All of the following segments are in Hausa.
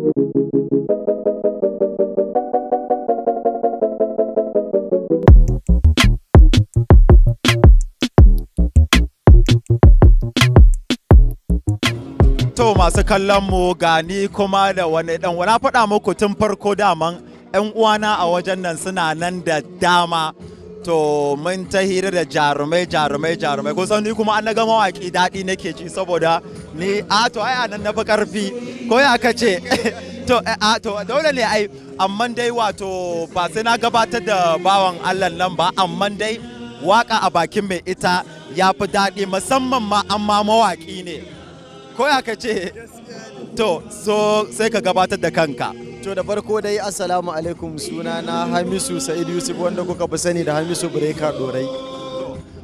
To masu kallon mu gani kuma da wani dan wani faɗa muku tun farko dama 'yan uwana a wajen nan suna nan da dama to mun ta hira da jarumai jarumai jarumai kusan ni kuma an na gama waƙi daɗi nake ji saboda ni a to ai anan na fi ƙarfi ko ya ka ce to eh, a to dole ne ai amma dai wato ba sai na gabatar da bawan Allah nan ba amma dai waka a bakin mai ita ya fi daɗi musamman ma amma ma mawaƙi ne ko ya ka ce to so sai ka gabatar da kanka To da farko dai assalamu alaikum suna na Hamisu Sa'id Yusuf wanda kuka fi sani da Hamisu Breka Dorai.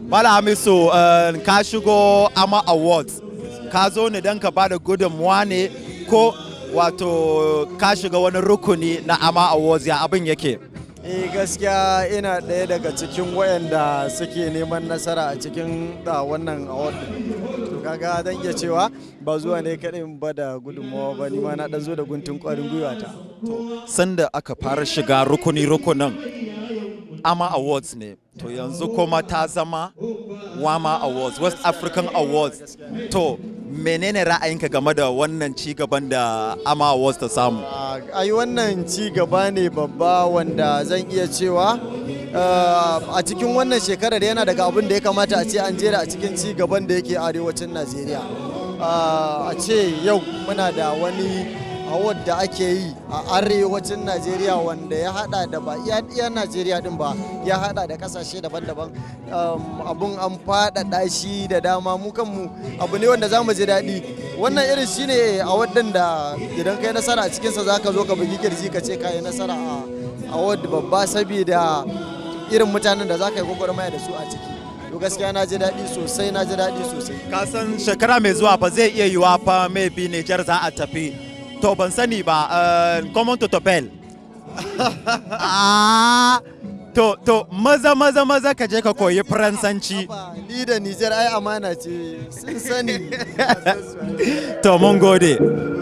Bala Hamisu eh, ka shigo Ama Awards ka zo ne don ka bada gudunmuwa ne ko wato ka shiga wani rukuni na Ama Awards ya abin yake. Eh gaskiya ina ɗaya daga cikin wayanda suke neman nasara a cikin ah, wannan award kaga dan iya cewa ba zuwa ne kaɗai ba da gudunmawa ba ni ma na ɗan zo da guntun ƙwarin gwiwa ta. sanda aka fara shiga rukuni rukunin ama awards ne to yanzu kuma ta zama wama awards west african awards to menene ra'ayinka game da wannan ci gaban da ama awards ta samu ai wannan ci gaba ne babba wanda zan iya cewa Ehm, a cikin wannan shekarar yana daga abin da ya kamata a ce an jera a cikin ci gaban da yake arewacin najeriya ehm, a ce yau muna da wani award da ake yi a arewacin najeriya wanda ya hada da ba iya najeriya din ba ya hada da kasashe daban-daban ehm, abun an faɗaɗa shi da dama mu kanmu abu ne wanda za mu ji daɗi wannan irin shine a din da idan kai nasara a cikinsa za ka zo ka bugi kirji ka ce ka nasara a award babba saboda irin mutanen da za ka yi gwagwarmaya da su a ciki to gaskiya na ji daɗi sosai na ji daɗi sosai ka san shekara mai zuwa ba zai iya yiwa fa ne jar za a tafi to ban sani ba eh, common to topel ah. to to maza maza maza ka je ka koyi faransanci ni da nijar ai amana ce sun sani to mun gode